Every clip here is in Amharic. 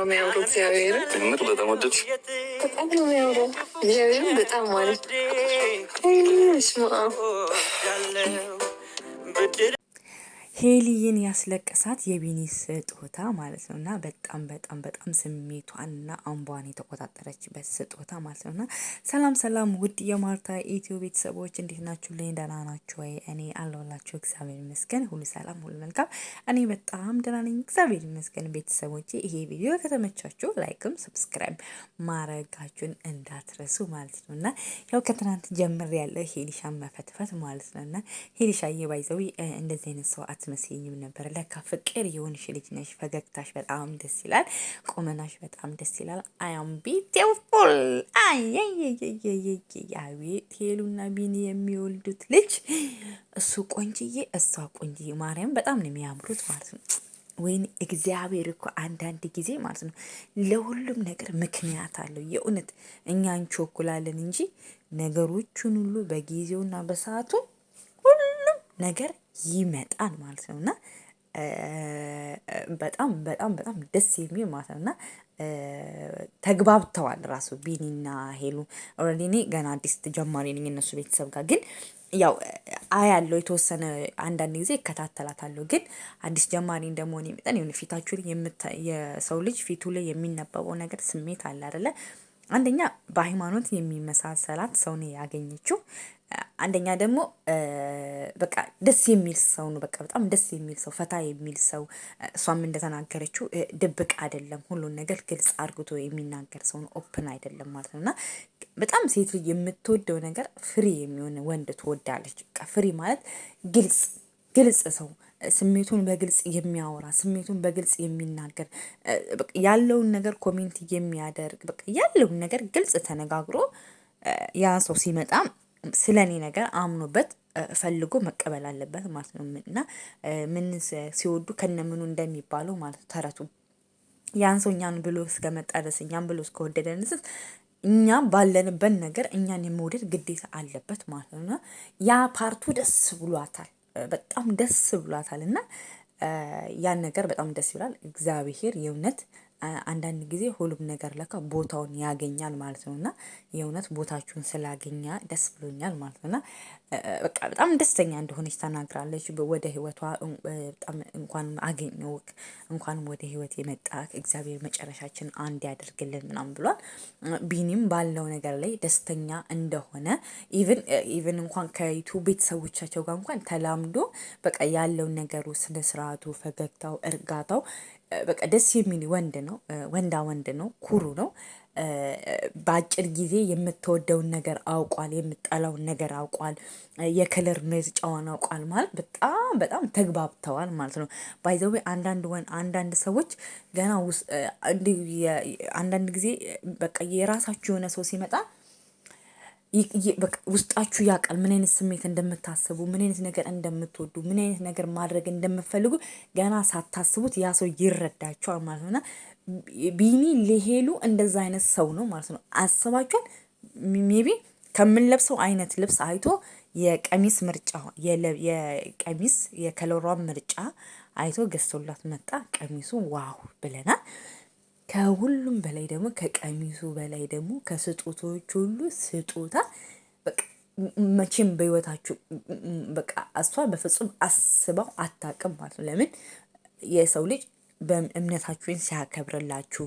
ነው የሚያምረው። እግዚአብሔር ምር በጣም ወደድ በጣም ነው የሚያምረው። እግዚአብሔር በጣም ማለት ሄሊይን ያስለቀሳት የቢኒ ስጦታ ማለት ነው እና በጣም በጣም በጣም ስሜቷንና አንቧን የተቆጣጠረችበት ስጦታ ማለት ነው እና ሰላም ሰላም፣ ውድ የማርታ ኢትዮ ቤተሰቦች እንዴት ናችሁ? ልኝ ደህና ናችሁ ወይ? እኔ አለሁላችሁ። እግዚአብሔር ይመስገን፣ ሁሉ ሰላም፣ ሁሉ መልካም። እኔ በጣም ደህና ነኝ፣ እግዚአብሔር ይመስገን። ቤተሰቦች፣ ይሄ ቪዲዮ ከተመቻችሁ ላይክም ሰብስክራይብ ማረጋችሁን እንዳትረሱ ማለት ነው እና ያው ከትናንት ጀምር ያለው ሄሊሻን መፈትፈት ማለት ነው እና ሄሊሻ የባይዘዊ እንደዚህ አይነት ሰው አትመስይኝም ነበር። ለካ ፍቅር የሆንሽ ልጅ ነሽ። ፈገግታሽ በጣም ደስ ይላል። ቁመናሽ በጣም ደስ ይላል። አያም ቢቴውፉል አቤት ሄሉና ቢኒ የሚወልዱት ልጅ እሱ ቆንጅዬ፣ እሷ ቆንጅዬ። ማርያም በጣም ነው የሚያምሩት ማለት ነው። ወይን እግዚአብሔር እኮ አንዳንድ ጊዜ ማለት ነው ለሁሉም ነገር ምክንያት አለው። የእውነት እኛ እንቾኩላለን እንጂ ነገሮቹን ሁሉ በጊዜውና በሰዓቱ ሁሉም ነገር ይመጣል ማለት ነው እና በጣም በጣም በጣም ደስ የሚል ማለት ነው እና ተግባብተዋል ራሱ ቢኒና ሄሉ። ኦልሬዲ እኔ ገና አዲስ ተጀማሪ ነኝ እነሱ ቤተሰብ ጋር ግን ያው አያለው የተወሰነ አንዳንድ ጊዜ እከታተላታለሁ። ግን አዲስ ጀማሪ እንደመሆን መጠን የሆነ ፊታችሁ ላይ የሰው ልጅ ፊቱ ላይ የሚነበበው ነገር ስሜት አለ አደለ አንደኛ በሃይማኖት የሚመሳሰላት ሰውን ያገኘችው። አንደኛ ደግሞ በቃ ደስ የሚል ሰው ነው። በቃ በጣም ደስ የሚል ሰው፣ ፈታ የሚል ሰው። እሷም እንደተናገረችው ድብቅ አይደለም፣ ሁሉን ነገር ግልጽ አድርግቶ የሚናገር ሰው ነው። ኦፕን አይደለም ማለት ነው እና በጣም ሴት ልጅ የምትወደው ነገር ፍሪ የሚሆን ወንድ ትወዳለች። ፍሪ ማለት ግልጽ ግልጽ ሰው ስሜቱን በግልጽ የሚያወራ ስሜቱን በግልጽ የሚናገር ያለውን ነገር ኮሜንት የሚያደርግ በቃ ያለውን ነገር ግልጽ ተነጋግሮ ያ ሰው ሲመጣ ስለ እኔ ነገር አምኖበት ፈልጎ መቀበል አለበት ማለት ነው። እና ምን ሲወዱ ከነምኑ እንደሚባለው ማለት ነው ተረቱ ያን ሰው እኛን ብሎ እስከመጣ ድረስ እኛን ብሎ እስከወደደ ድረስ እኛ ባለንበት ነገር እኛን የመውደድ ግዴታ አለበት ማለት ነው። እና ያ ፓርቱ ደስ ብሏታል፣ በጣም ደስ ብሏታል። እና ያን ነገር በጣም ደስ ይላል። እግዚአብሔር የእውነት አንዳንድ ጊዜ ሁሉም ነገር ለካ ቦታውን ያገኛል ማለት ነው። እና የእውነት ቦታችሁን ስላገኘ ደስ ብሎኛል ማለት ነው። እና በቃ በጣም ደስተኛ እንደሆነች ተናግራለች። ወደ ህይወቷ በጣም እንኳን አገኘሁህ እንኳንም ወደ ህይወት የመጣ እግዚአብሔር መጨረሻችን አንድ ያደርግልን ምናምን ብሏል። ቢኒም ባለው ነገር ላይ ደስተኛ እንደሆነ ኢቭን ኢቨን እንኳን ከይቱ ቤተሰቦቻቸው ጋር እንኳን ተላምዶ በቃ ያለውን ነገሩ ስነስርዓቱ ፈገግታው እርጋታው በቃ ደስ የሚል ወንድ ነው። ወንዳ ወንድ ነው። ኩሩ ነው። በአጭር ጊዜ የምትወደውን ነገር አውቋል። የምጠላውን ነገር አውቋል። የከለር ምርጫዋን አውቋል። ማለት በጣም በጣም ተግባብተዋል ማለት ነው። ባይዘዌ አንዳንድ ወን አንዳንድ ሰዎች ገና ውስጥ አንዳንድ ጊዜ በቃ የራሳችሁ የሆነ ሰው ሲመጣ ውስጣችሁ ያውቃል ምን አይነት ስሜት እንደምታስቡ፣ ምን አይነት ነገር እንደምትወዱ፣ ምን አይነት ነገር ማድረግ እንደምፈልጉ ገና ሳታስቡት ያ ሰው ይረዳቸዋል ማለት ነው። ቢኒ ሊሄሉ እንደዛ አይነት ሰው ነው ማለት ነው። አስባችኋል? ሜቢ ከምንለብሰው አይነት ልብስ አይቶ የቀሚስ ምርጫ የቀሚስ የከለሯን ምርጫ አይቶ ገዝቶላት መጣ። ቀሚሱ ዋው ብለናል። ከሁሉም በላይ ደግሞ ከቀሚሱ በላይ ደግሞ ከስጦቶች ሁሉ ስጦታ መቼም በህይወታችሁ በቃ እሷ በፍጹም አስባው አታውቅም ማለት ነው። ለምን የሰው ልጅ እምነታችሁን ሲያከብርላችሁ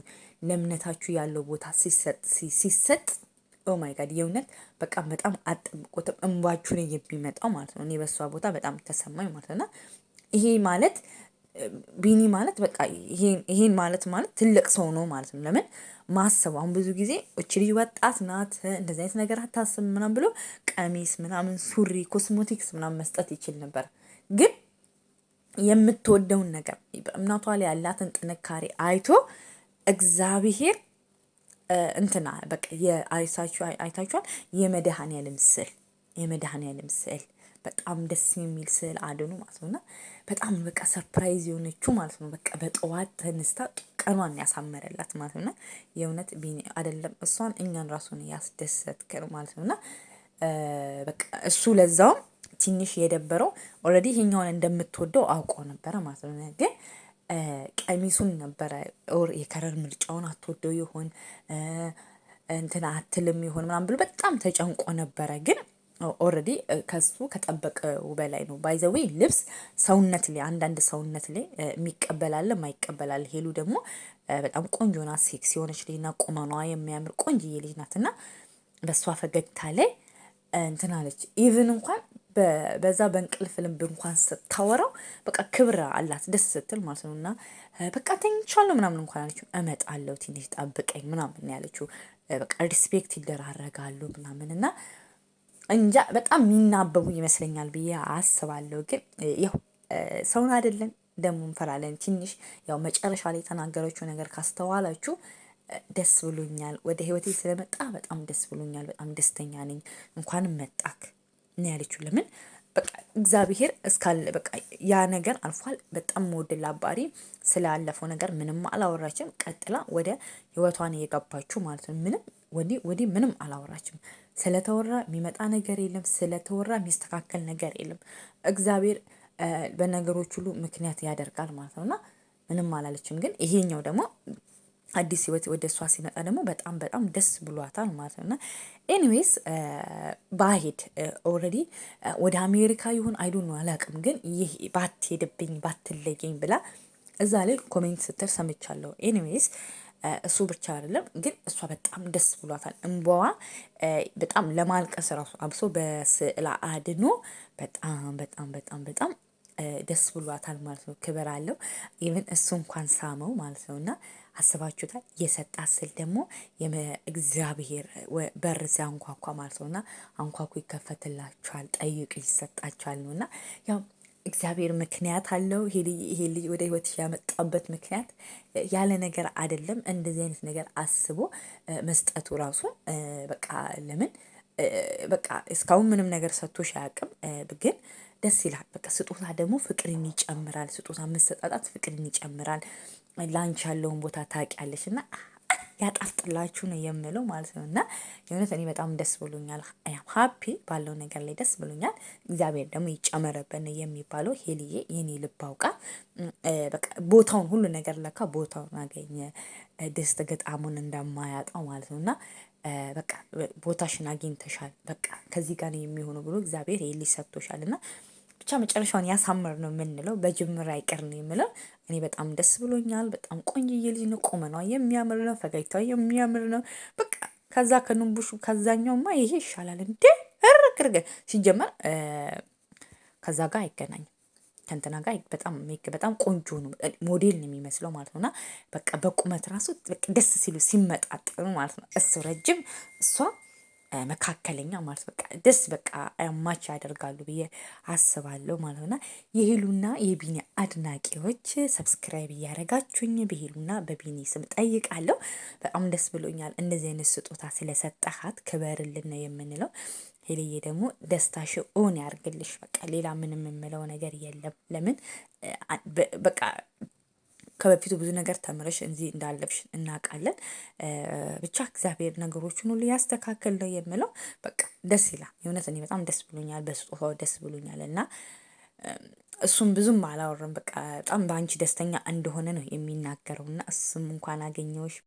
ለእምነታችሁ ያለው ቦታ ሲሰጥ ሲሰጥ ኦማይ ጋድ የእውነት በቃ በጣም አጠብቆትም እንባችሁን የሚመጣው ማለት ነው። እኔ በእሷ ቦታ በጣም ተሰማኝ ማለት ነው። ይሄ ማለት ቢኒ ማለት በቃ ይሄን ማለት ማለት ትልቅ ሰው ነው ማለት ነው። ለምን ማሰብ አሁን ብዙ ጊዜ እች ልጅ ወጣት ናት እንደዚህ አይነት ነገር አታስብ ምናምን ብሎ ቀሚስ ምናምን፣ ሱሪ፣ ኮስሞቲክስ ምናምን መስጠት ይችል ነበር ግን የምትወደውን ነገር በእምናቷ ላይ ያላትን ጥንካሬ አይቶ እግዚአብሔር እንትና በቃ አይታችኋል የመድኃኔዓለም ስዕል የመድኃኔዓለም ስዕል በጣም ደስ የሚል ስዕል አድኑ ማለት ነው እና በጣም በቃ ሰርፕራይዝ የሆነችው ማለት ነው። በቃ በጠዋት ተነስታ ቀኗን ያሳመረላት ማለት ነው እና የእውነት አይደለም እሷን እኛን ራሱን ያስደሰትከን ማለት ነው እና በቃ እሱ ለዛውም ትንሽ የደበረው ኦልሬዲ ይሄኛውን እንደምትወደው አውቆ ነበረ ማለት ነው ግን ቀሚሱን ነበረ ር የከረር ምርጫውን አትወደው ይሆን እንትን አትልም ይሆን ምናምን ብሎ በጣም ተጨንቆ ነበረ ግን ኦረዲ ከሱ ከጠበቀው በላይ ነው። ባይዘዌ ልብስ ሰውነት ላይ አንዳንድ ሰውነት ላይ የሚቀበላል ማይቀበላል። ሄሉ ደግሞ በጣም ቆንጆ ናት፣ ሴክስ የሆነች ልጅ ናት። ቁመኗ የሚያምር ቆንጆዬ ልጅ ናት እና በእሷ ፈገግታ ላይ እንትናለች ኢቭን እንኳን በዛ በእንቅልፍ ልምብ እንኳን ስታወራው በቃ ክብር አላት፣ ደስ ስትል ማለት ነው። እና በቃ ተኝቻለሁ ምናምን እንኳን አለችው። እመጣለሁ ትንሽ ጠብቀኝ ምናምን ያለችው በቃ ሪስፔክት ይደራረጋሉ ምናምን እና እንጃ በጣም የሚናበቡ ይመስለኛል ብዬ አስባለሁ። ግን ያው ሰውን አይደለን ደግሞ እንፈራለን። ትንሽ ያው መጨረሻ ላይ የተናገረችው ነገር ካስተዋላችሁ ደስ ብሎኛል፣ ወደ ህይወቴ ስለመጣ በጣም ደስ ብሎኛል፣ በጣም ደስተኛ ነኝ፣ እንኳንም መጣክ ነው ያለችው። ለምን በቃ እግዚአብሔር እስካለ በቃ ያ ነገር አልፏል። በጣም መወድል አባሪ ስላለፈው ነገር ምንም አላወራችም። ቀጥላ ወደ ህይወቷን እየገባችሁ ማለት ነው ምንም ወዲህ ወዲህ ምንም አላወራችም። ስለተወራ የሚመጣ ነገር የለም። ስለተወራ የሚስተካከል ነገር የለም። እግዚአብሔር በነገሮች ሁሉ ምክንያት ያደርጋል ማለት ነው እና ምንም አላለችም። ግን ይሄኛው ደግሞ አዲስ ህይወት ወደ እሷ ሲመጣ ደግሞ በጣም በጣም ደስ ብሏታል ማለት ነው እና ኤኒዌይስ ባሄድ ኦልሬዲ ወደ አሜሪካ ይሁን አይዶን ነው አላውቅም። ግን ይህ ባትሄድብኝ ባትለየኝ ብላ እዛ ላይ ኮሜንት ስትር ሰምቻለሁ። ኤኒዌይስ እሱ ብቻ አይደለም ግን እሷ በጣም ደስ ብሏታል። እንባዋ በጣም ለማልቀስ ራሱ አብሶ በስዕላ አድኖ በጣም በጣም በጣም በጣም ደስ ብሏታል ማለት ነው። ክብር አለው። ኢቨን እሱ እንኳን ሳመው ማለት ነው። እና አስባችሁታል። የሰጣ ስል ደግሞ እግዚአብሔር በር ሲያንኳኳ ማለት ነው። እና አንኳኩ ይከፈትላችኋል፣ ጠይቅ ይሰጣችኋል ነው እና ያው እግዚአብሔር ምክንያት አለው። ይሄ ልጅ ወደ ህይወት ያመጣበት ምክንያት ያለ ነገር አይደለም። እንደዚህ አይነት ነገር አስቦ መስጠቱ ራሱ በቃ ለምን በቃ እስካሁን ምንም ነገር ሰጥቶሽ አያውቅም፣ ግን ደስ ይላል። በቃ ስጦታ ደግሞ ፍቅርን ይጨምራል። ስጦታ መሰጣጣት ፍቅርን ይጨምራል። ላንቺ ያለውን ቦታ ታውቂያለሽ እና ያጣፍጥላችሁ ነው የምለው ማለት ነው። እና የእውነት እኔ በጣም ደስ ብሎኛል። ሀፒ ባለው ነገር ላይ ደስ ብሎኛል። እግዚአብሔር ደግሞ ይጨመረብን የሚባለው ሄልዬ የኔ ልብ አውቃ ቦታውን ሁሉ ነገር ለካ ቦታውን አገኘ። ደስት ገጣሙን እንደማያጣው ማለት ነው እና በቃ ቦታሽን አግኝተሻል፣ በቃ ከዚህ ጋር ነው የሚሆነው ብሎ እግዚአብሔር ይህ ሰጥቶሻል እና ብቻ መጨረሻውን ያሳምር ነው የምንለው። በጅምር አይቀር ነው የምለው። እኔ በጣም ደስ ብሎኛል። በጣም ቆንጅዬ ልጅ ነው። ቁመናዋ የሚያምር ነው። ፈገግታዋ የሚያምር ነው። በቃ ከዛ ከኑንቡሹ ከዛኛውማ ይሄ ይሻላል እንዴ! እርክርግ ሲጀመር ከዛ ጋር አይገናኝም ከንትና ጋር በጣም በጣም ቆንጆ ነው። ሞዴል ነው የሚመስለው ማለት ነው። እና በቃ በቁመት ራሱ ደስ ሲሉ ሲመጣጥኑ ማለት ነው። እሱ ረጅም እሷ መካከለኛ ማለት በቃ ደስ በቃ ማች ያደርጋሉ ብዬ አስባለሁ ማለት ነውና የሄሉና የቢኒ አድናቂዎች ሰብስክራይብ እያደረጋችሁኝ በሄሉና በቢኒ ስም ጠይቃለሁ። በጣም ደስ ብሎኛል እንደዚህ አይነት ስጦታ ስለሰጠሃት ክበርልን ነው የምንለው። ሄልዬ ደግሞ ደስታሽ እውን ያርግልሽ። በቃ ሌላ ምንም የምለው ነገር የለም። ለምን በቃ ከበፊቱ ብዙ ነገር ተምረሽ እዚህ እንዳለብሽ እናውቃለን። ብቻ እግዚአብሔር ነገሮችን ሁሉ ያስተካከል ነው የምለው። በቃ ደስ ይላል። የእውነት እኔ በጣም ደስ ብሎኛል፣ በስጦታው ደስ ብሎኛል እና እሱም ብዙም አላወራም። በቃ በጣም በአንቺ ደስተኛ እንደሆነ ነው የሚናገረው እና እሱም እንኳን አገኘሁሽ